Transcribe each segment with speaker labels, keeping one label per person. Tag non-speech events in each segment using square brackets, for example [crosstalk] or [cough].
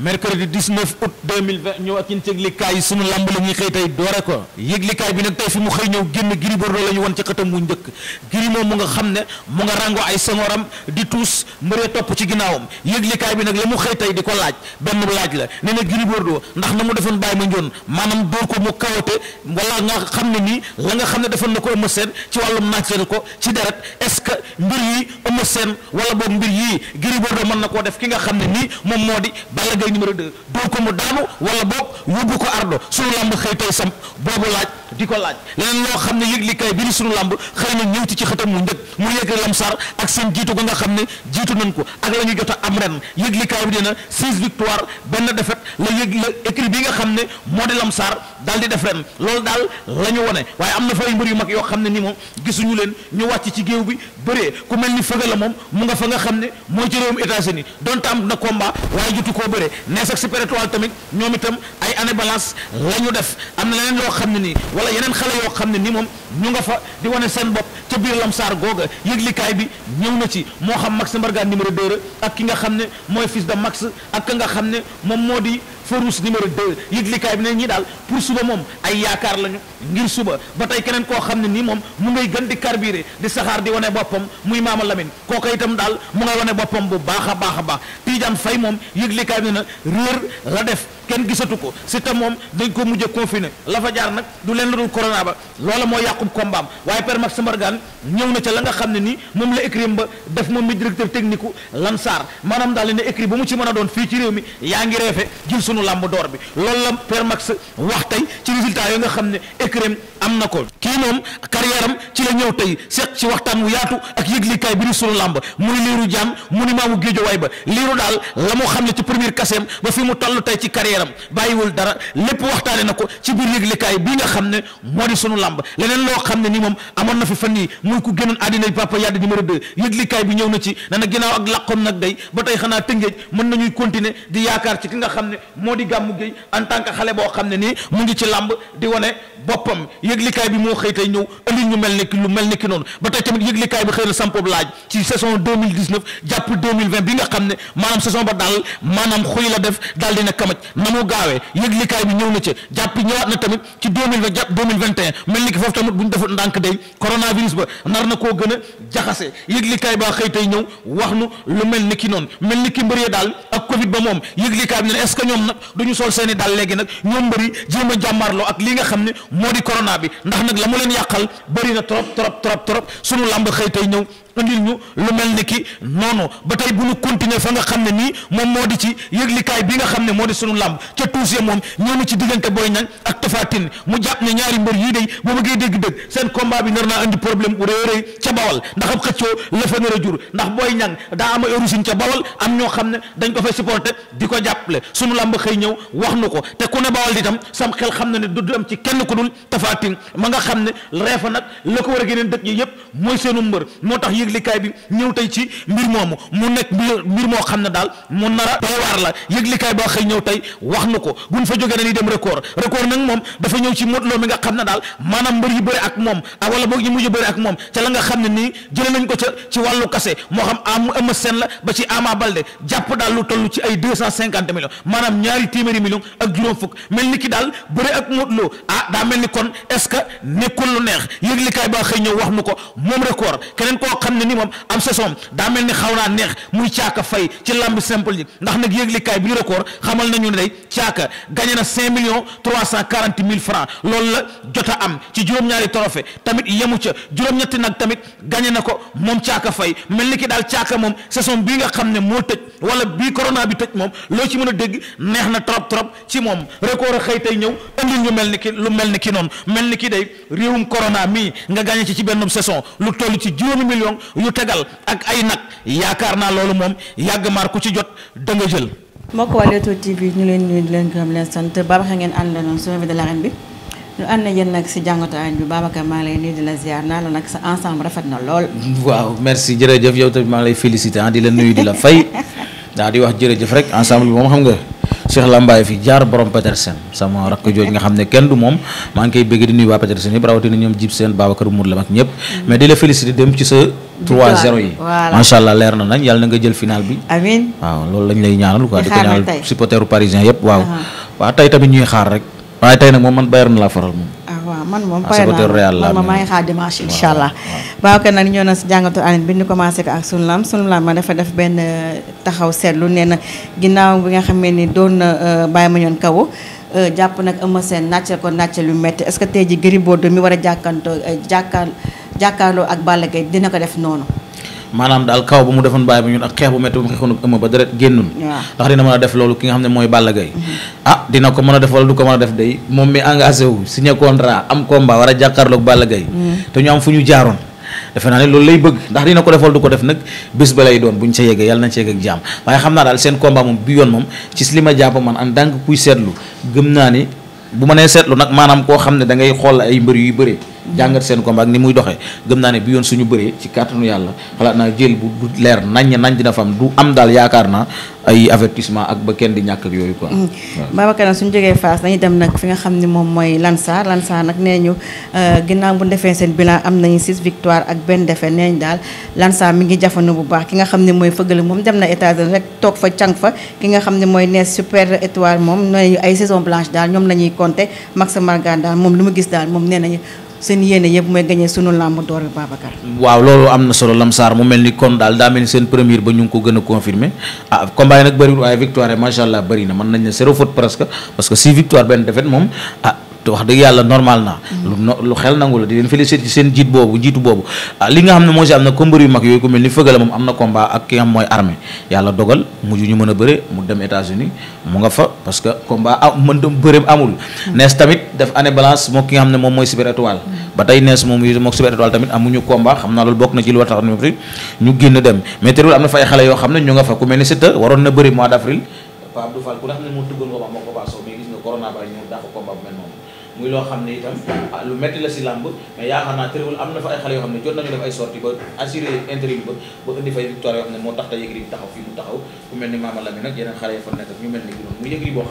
Speaker 1: mercredi 19 août 2020 ñëw ak yéen ci yi sunu lamb la ñuy xëy tey doore ko yëglikaay bi nag tey fi mu xëy ñëw génn Gris Bordeaux la ci xëtam wu njëkk Gris ginnaawam yëglikaay bi nag la mu xëy tey di ko laaj benn laaj la nee na ndax na mu defoon bàyyi ma njoon maanaam dóor ko mu kawate wala nga xam ne nii la nga xam ne defoon na ko Eumeu Sène ci wàllum naajteel ko ci deret est-ce que mbir yi Eumeu Sène wala boog mbir yii Gris Bordeaux mën na koo def ki nga xam ne nii moom moo di Faye numéro 2 dóor ko mu daanu wala boog yóbbu ko ardo suñu lamb xëy tey samp boobu laaj di ko laaj leneen loo xam ne yëglikaay bi di sunu làmb xëy na ñëwti ci xëtam mu njëkk mu yëg lamsaar ak seen jiitu ga nga xam ne jiitu nañ ko ak la jot a am ren yëglikaay bi dina six victoire benn défaite la yëg la écrit bi nga xam ne moo di lamsaar daal di def ren loolu daal la ñu wone waaye am na fay mbër yu mag yoo xam ne ni moom gisuñu leen ñu ci géew bi bëree ku mel ni fëga la moom mu nga fa nga xam ne mooy ci réewum États-Unis donte am na combat waaye jotu koo bëree nees ak supérétoile tamit ñoom itam ay anne balance la ñu def am na leneen loo xam ne nii wala yeneen xale yoo xam ne nii moom ñu nga fa di wane seen bopp ca biir lamsaar googa yëglikaay bi ñëw na ci moo xam Max Mbargaan numéro 2 ak ki nga xam ne mooy fils de Max ak nga xam ne moom moo di Farouz numéro 2 yëglikaay bi ne ñii daal pour suba moom ay yaakaar lañu ngir suba ba tey keneen koo xam ne nii moom mu ngay gën di carburé di saxaar di wane boppam muy Maama Lamine kooka itam daal mu ngay wane boppam bu baax a baax a baax Tidiane Faye moom yëglikaay bi ne réer la def kenn gisatu ko Siteu moom dañ ko mujj a confiné la jaar nag du leen la dul corona ba loola moo yàqub kombaam waaye Père Max Mbargane ñëw na ca la nga xam ne nii moom la écrit ba def moom mi directeur technique u Lansar maanaam daal ne écrit bu mu ci mën a doon fii ci réew mi yaa ngi reefe jël sunu làmb door bi loolu la Père Max wax tey ci résultat yi nga xam ne écrit am na ko kii moom carrière ci la ñëw tey seq ci waxtaan wu yaatu ak yëglikaay bi di sunu làmb muy liiru jàmm mu ni maamu géejowaay ba liiru daal la mu xam ne ci première kaseem ba fi mu toll tey ci carrière am bàyyiwul dara lépp waxtaane na ko ci biir yëglikaay bi nga xam ne moo di sunu làmb leneen loo xam ne nii moom amoon na fi fan nii muy ku génnoon àddina papa yàdd numéro 2 yëglikaay bi ñëw na ci na na ginnaaw ak làqoom nag day ba tey xanaa tëngéej mën nañuy continuer di yaakaar ci ki nga xam ne moo di gàmmu géey en tant que xale boo xam ne nii mu ngi ci làmb di wane boppam yëglikaay xëy tey ñëw ëllëg ñu mel nekki lu mel nekki noonu ba tey tamit yëglekaay bi xëy na sampoob laaj ci saison bi nga xam ne maanaam saison ba daal maanaam xuy la def daal dina kamaj na mu gaawee yëglekaay bi ñëw na ca jàpp ñëwaat na tamit ci mel ni ki foofu tamit bu ñu deful ndànk day coronavirus ba nar na koo gën a jaxase yëglekaay baa xëy tey ñëw wax nu lu mel ni noonu mel ni mbëree daal ak covid ba moom yëglekaay bi ne est-ce ñoom nag duñu sol seeni mu leen yàqal bëri na trop trop trop trop sunu làmb xëy tey ñëw andil ñu lu mel ni ki noonu ba tey bu ñu continuer fa nga xam ne nii moom moo di ci yëglikaay bi nga xam ne moo di sunu làmb ca tuuse moom ñëw na ci diggante Boy Niang ak Tapha Tine mu jàpp ne ñaari mbër yii day bu bëggee dégg-dëgg seen combat bi nar naa andi problème bu rëy rëy ca bawal ndax ab xëccoo la a jur ndax Boy Niang daa am ay origine ca bawal am ñoo xam ne dañ ko fay supporter di ko jàppale sunu làmb xëy ñëw wax nu ko te ku ne bawal di tam sam xel xam na ne du am ci kenn ku dul Tapha Tine ma nga xam ne reefa nag la ko war a géneen dëkk yi yëpp mooy seenu mbër moo tax yëglikaay bi ñëw tey ci mbir moomu mu nekk mbir moo xam ne daal mu nar a doy waar la yëglikaay ba xëy ñëw tey wax nu ko buñ fa jógee dañuy dem record record nag moom dafa ñëw ci Modou Lo mi nga xam ne daal maanaam mbër yi bëri ak moom ak ah, wala boog ñi mujj bëri ak moom la nga xam ne nii jëlee nañ ko ca ci wàllu kase moo xam am Eumeu Sène la ba ci jàpp daal lu toll ci ay deux cent cinquante millions maanaam ñaari téeméeri millions ak juróom fukk mel ni ki daal bëri ak Modou Lo ah, daa mel ni kon est-ce que nekkul lu neex yëglikaay ba wax nu ko moom record xam ne ni moom am saison daa mel ni xaw naa neex muy caaka fay ci lamb simple ji ndax nag yëglikaay bi ñu record xamal nañu ne day caaka gagné na cinq millions trois cent quarante mille francs loolu la jot a am ci juróom-ñaari trophée tamit yemu ca juróom-ñetti nag tamit gagné na ko moom caaka fay mel ni ki daal caaka moom saison bii nga xam ne moo tëj wala bii corona bi tëj moom loo ci mën a dégg neex na trop trop ci moom record a xëy tey ñëw indi ñu mel ni ki lu mel ni ki noonu mel ni ki day réewum corona mii nga gagné ci ci benn saison lu toll ci juróomi million yu tegal ak ay nag yaakaar naa loolu moom yàgg maar ku ci jot da nga jël.
Speaker 2: mbokk waa Leewtoo TV ñu leen nuyu di leen gërëm leen sant Babacar ngeen àndaloon su revue de l'arène bi ñu ànd na yéen nag si jàngatu añ bi Babacar maa ngi lay nuyu di la ziar naa la nag sa ensemble rafet na lool.
Speaker 1: waaw merci jërëjëf yow tamit maa ngi lay féliciter ah, di la nuyu di la fay [laughs] daa di wax jërëjëf rek ensemble bi moom xam nga. Cheikh Lambaye fi jaar borom Petersen sama rakk jooju nga xam ne kenn du moom maa ngi koy bëgg di nuyu waa Petersen yëpp rawatina ñoom jib seen Babacar Mour la mag ñëpp mm-hmm. mais di la féliciter dem ci sa 3-0 yi macha allah leer na nañ yàlla nga jël final bi waaw loolu lañ lay ñaanal quoi di ko ñaanal supporteru parisien yëpp waaw uh-huh. waaw tey tamit ñuy xaar rek waaye tey nag moom man Bayern laa faral moom
Speaker 2: man moom ah, pare naa man maa ngi xaar dimanche incha allah. waaw kon nag ñëw na si jàngatu anet bi nu commencé ko ak sunu lam sunu lam ma dafa def benn euh, taxaw seetlu nee na ginnaaw bi nga xamee ni doon na euh, bàyyi ma ñoon kaw. Euh, jàpp nag Eumeu seen nàccal ko nàccal lu métti est que tey ji Gris Bordeaux mi war a jàkkantoo jàkkaar jàkkaarloo ak Balla Gaye dina ko def noonu.
Speaker 1: maanaam daal kaw ba mu defoon bàyyi ba ñun ak xeex bu métti bu mu xeexoon ak ëmma ba deret génnul ndax dina mën a def loolu ki nga xam ne mooy Balla Gaye ah dina ko mën a def du ko a def day a jàkkaarloog Balla Gaye mm. te ñu am fu ñu defe naa ne loolu lay bëgg ndax dina ko def wala ko def nag bés ba lay doon buñ ca yeggee yàlla nañ ca yegg ak jàmm waaye xam naa daal seen combat moom bi yoon moom ci li ma jàpp man en tant que kuy seetlu gëm naa ni bu ma nee seetlu nag maanaam koo xam ne da ngay xool ay mbër yuy bëree jàngat seen combat ni muy doxee gëm naa ne bi yoon suñu bëree ci kàttanu yàlla xalaat naa jël bu du leer naññ nañ dina fam du am daal yaakaar naa ay avertissement ak ba kenn di ñàkk ak yooyu quoi. Mm.
Speaker 2: Babacar na suñu jegee faas dañuy dem nag fi nga xam ne moom mooy Lansar Lansar nag nee ñu euh, ginnaaw bu defee seen bilan am nañu six victoire ak benn defee nee ñu daal Lansar mi ngi jafanu bu baax ki nga xam ne mooy fëgale moom dem na États-Unis rek toog fa càng ki nga xam ne mooy nees super étoile moom nee ay saison blanche daal ñoom la ñuy compter Max Margan daal moom lu mu gis daal moom nee nañu. seen yéene yëpp mooy gagné sunu làmb door bi Babacar.
Speaker 1: waaw loolu am na solo Lamsaar mu mel ni kon daal daa mel ni seen première ba ñu ngi ko gën a confirmé ah combat yi nag bëriwul waaye victoire yi allah bëri na nañ ne zéro presque parce que si victoire benn défaite moom ah te wax dëgg yàlla normal na lu xel nangu la di leen seen jiit boobu jiitu boobu ah, li nga xam ne moo si am na combat ak ki nga mooy armée yàlla dogal mujj ñu mën a bëre mu dem États-Unis mu nga fa parce que combat ah mën moo ne moom mooy Super ba tey nees moom yi mook Super Étoile tamit amuñu combat xam naa loolu bokk na ci li war tax ñu génn dem mais terewul am na fay xale yoo xam ne ñu nga fa ku mel ni Siteu waroon na bëri mois d'avril Papa Sow mais gis nga corona ba ñëw dafa combat bu xam ne itam ah, lu metti la si làmb mais yaakaar naa tëréwul am na fa ay xale yoo xam ne jot nañu def ay sorties ba assuré intérim ba ba indi fay victoire yoo xam ne moo tax yi fa mu yëgri boo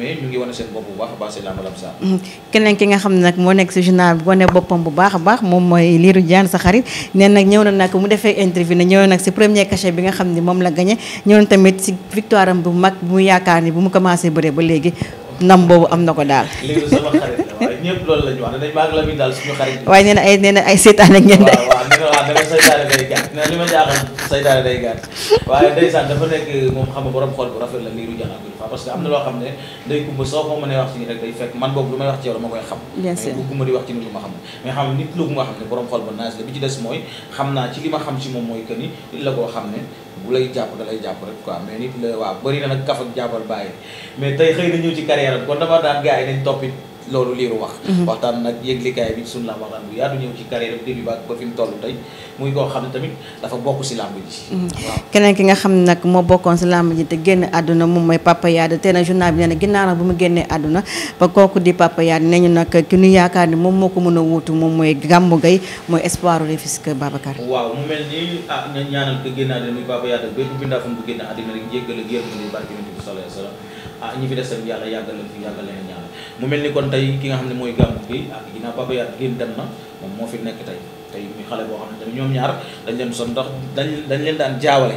Speaker 1: ne a baax
Speaker 2: mm-hmm. ki nga xam ne moo nekk si journal bi wane boppam bu baax moom mooy Lirou sa xarit nee nag ñëw na nag mu defee interview ne ñëw nag si premier cachet bi nga xam ne moom la gagné ñëw na tamit si victoire bu mag bu yaakaar ni bu mu commencé bëree ba léegi ndam boobu am na ko daal. léegi sama
Speaker 1: xarit la waaye nee na ay nee na ay mais li ma jaaxal saytaane day gàtt waaye ndeysaan dafa nekk moom xam nga borom xol bu rafet la niiru jaxal bi fa na loo xam ne day xam bu ma xam mais xam nit lu nga xam ne borom xol ba naaj la bi ci des lay jàpp da jàpp rek quoi mais nit la waaw na nag kaf ak jàppal bàyyi mais tey xëy na ñëw ci carrière kon dama daan gars yi nañ toppit loolu liiru wax mhm. waxtaan nag yëglikaay bi suñu la waxtaan yaatu ñëw ci carrière bi début ba ba fi mu toll muy koo xam ne tamit dafa bokk si làmb
Speaker 2: ji mhm. keneen ki nga xam ne nag moo bokkoon si làmb ji te génn àdduna moom mooy Papa Yade te nag journal bi nee na ginnaaw nag bu mu génnee àdduna ba kooku di Papa Yade nee ñu nag ki ñu yaakaar ni moom moo ko mën a wuutu moom mooy Gambo Gueye mooy espoiru Rufisque Babacar
Speaker 1: waaw ah, rek jéggal ak ah ñi fi des ak yàlla yàggal la fi yàggal leen ñaanal mu mel ni kon tey ki nga xam ne mooy gàmmu bi ah ginnaaw Papa Yade génn dem na moom moo fi nekk tey tey muy xale boo xam ne tamit ñoom ñaar dañ leen son ndox dañ dañ leen daan jaawale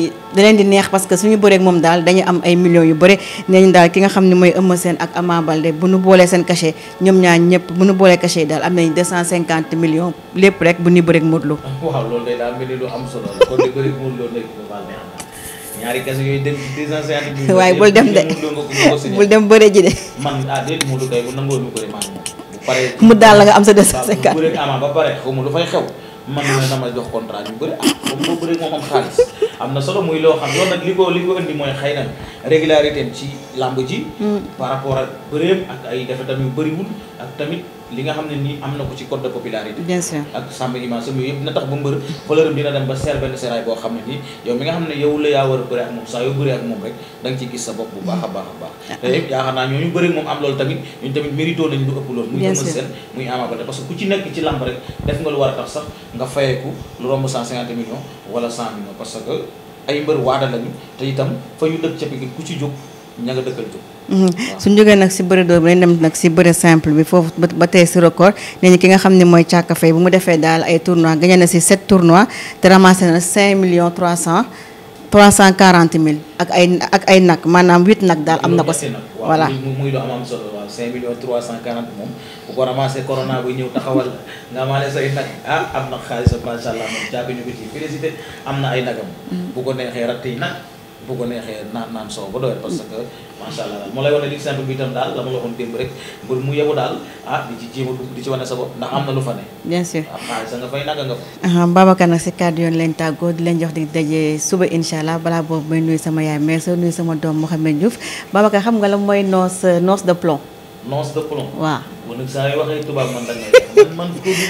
Speaker 2: di da leen di neex parce que suñu bëreek moom daal dañu am ay millions yu bëre neeñ daal ki nga xam ne mooy Eumeu Sène ak Ama Baldé bu nu boolee seen cachet ñoom ñaar ñëpp bu nu boolee cachet yi daal am nañ 250 millions lépp rek bu ñuy bëreek Modou Lo [laughs]
Speaker 1: waaw loolu day Lo nekk ñaari kese yooyu [laughs] waaye bul dem de bul dem bëre ji de ah, bu nangoo mu ko de man mu daal la nga am sa 250 bu bëreek Ama man na dama jox contrat ñu bëri ah comme boo bëree moom am xaalis am na solo muy loo xam loolu nag li ko li ko indi mooy xëy na ci làmb ji mm. par rapport ak bëreem ak ay defe yu bëriwul ak tamit li nga xam ne nii am na ko ci code de popularité. bien sûr ak sàmm image am yëpp na tax ba mbër valeur dina dem ba seer benn seeraay boo xam ne nii yow mi nga xam ne yow la yaa war a bëri ak moom saa yoo bëri ak moom rek da nga gis sa bopp bu baax a baax a baax ah. te yaakaar naa ñooñu bëri moom am loolu tamit ñun tamit mérito nañu lu ëpp loolu muy dama seen muy Ama Baldé parce que ku ci nekk ci lamb rek def nga lu war a tax sax nga fayeeku lu ña nga dëkkal
Speaker 2: mhm. nag si bëri dóor bi dañ dem nag si bëri simple bi foofu ba tey si record nee ki nga xam ni mooy Thiaka Faye bu mu defee daal ay tournois gagné na si 7 tournois te ramassé na 5 millions 300 340 mille ak ay ak ay nag maanaam 8 nag daal am na ko si voilà
Speaker 1: muy lu am am solo waaw 5 millions 340 moom bu ko ramassé corona bu ñëw taxawal [laughs] nga amaale say nag ah am na xaalisam macha allah moom jàpp ñu ko ci félicité am na ay nagam mhm. bu ko neexee naan naan soow ba doyal parce que macha allah moo lay wane li simple bi itam daal la ma la waxoon démb ah di ci jéem sa bopp ndax am na lu fa ne
Speaker 2: bien la mooy noos de plomb
Speaker 1: noos de plomb waaw man nag saa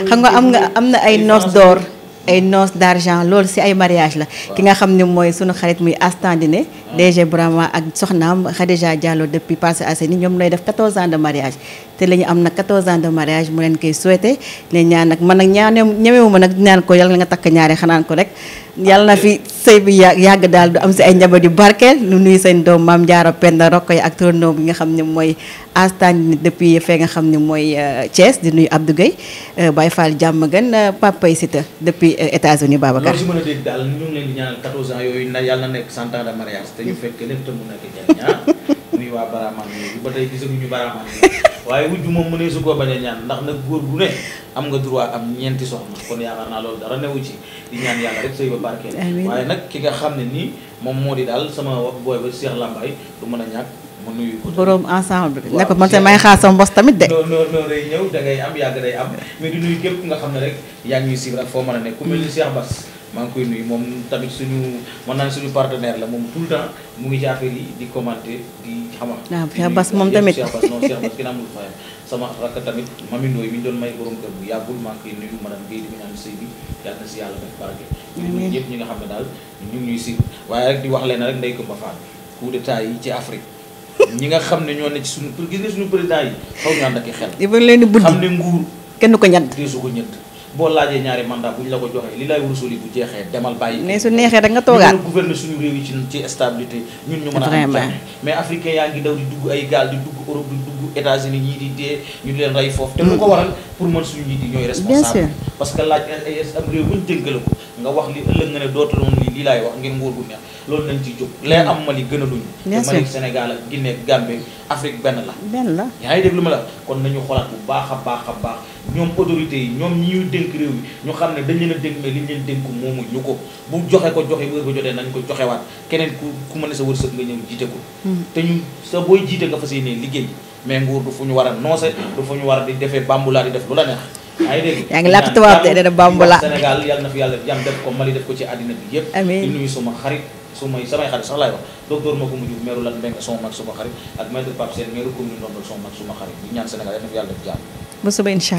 Speaker 2: xam nga am na ay [laughs] noos d'or ay noces d'argent lool si ay mariage la ki nga xam ne mooy sunu xarit muy astandine ah. DG Brahma ak soxnaam Khadija Diallo depuis Parcelles Assainies ñoom lay def 14 ans de mariage te la ñu am na 14 ans de mariage mu leen koy souhaité ne ñaan nag man nag ñaane ñemewuma nag ñaan ko yàlla nga takk ñaare xanaan ko rek ah. yàlla na yàgg daal du am si ay njaboot yu barkeel lu nuy seen doom maam Jaara Penda Rokkoy ak turandoo bi nga xam ne mooy astandine depuis fee nga xam ne mooy euh, Thiès di nuyu Abdou Gueye euh, Baye Fall jàmm gën euh, papay sita depuis ci États-Unis Babacar. loolu si mën a
Speaker 1: dégg daal ñu ngi leen di yooyu na yàlla na nekk 100 ans de mariage te ñu fekk lépp te mu nekk njëriñ ah. [laughs] muy waa Baraman yooyu ba tey gisaguñu Baraman [laughs] waaye wujj moom mënee su koo bañ ñaan ndax nag góor bu ne am nga droit am ñeenti soxna kon yaakaar naa loolu dara newu ci di ñaan yàlla rek sëy ba barkeel waaye nag ki nga xam ne nii moom moo di daal sama booy ba Cheikh Lambaye du man a ñàkk mu nuyu
Speaker 2: ko borom ensemble bi ne ko man te may xaar sama nga xam ne
Speaker 1: rek yaa ngi ñuy suivre ak foo mën a nekk ku mel moom tamit suñu mën naa suñu partenaire la moom tout temps mu ngi ci affaire yi di commenter di xama
Speaker 2: waaw ah, Cheikh Bass moom tamit Cheikh Bass non Cheikh Bass
Speaker 1: kenn amul fayam sama rakk tamit mami ñi nga xam ne daal ñu ñuy si waaye rek di wax leen rek ndey ko mba faat coup d'état yi ci Afrique ñi nga xam ne ñoo ne ci suñu gis nga suñu président yi xaw ñoo ànd ak i xel.
Speaker 2: dafa leen di xam ne nguur kenn ko ñett
Speaker 1: diisu ko ñett. boo laajee ñaari mandat bu ñu la ko joxee li lay wurusuli bu jeexee demal bàyyi. mais su neexee da nga toogaat ñu mën a gouverner suñu réew yi ci ñu mën mais africain yaa ngi daw di dugg ay gaal di dugg Europe di dugg États-Unis ñii di dee ñu leen rey foofu. te lu ko waral pour mën suñu njiit yi ñooy. responsable parce que laaj am réew bu ñu ko nga wax li ëllëg nga ne dootul woon lii lii laay wax ngeen nguur gu neex loolu nañ ci jóg lay am Mali gën a luñu Mali Sénégal ak Guinée Gambie Afrique benn la benn la yaa ngi dégg lu ma la kon nañu xoolaat bu baax a baax a baax ñoom autorité yi ñoom ñi ñuy dénk réew yi ñu xam ne dañ leen a dénk li ñu leen dénk moomu ñu ko bu joxe ko joxe wër ba nañ ko joxewaat keneen ku ku mën ne sa wërsëg nga ñëw jiite ko hmm. te ñu sa booy jiite nga fas yéenee liggéey ñu war a noose du fu ñu war a di defee def la neex yaa ngi dégg yaa ngi yàlla na fi yàlla jàmm def ko Mali def ko ci àddina bi yëpp amiin di nuyu suma xarit sumay samay xarit sax laay wax docteur Macoumba Diouf meeru Lat Mbengue sama mag suma xarit ak maître Pape Sène meeru commune Ndondol sama mag suma xarit di ñaan Sénégal yàlla fi yàlla def
Speaker 2: ba suba incha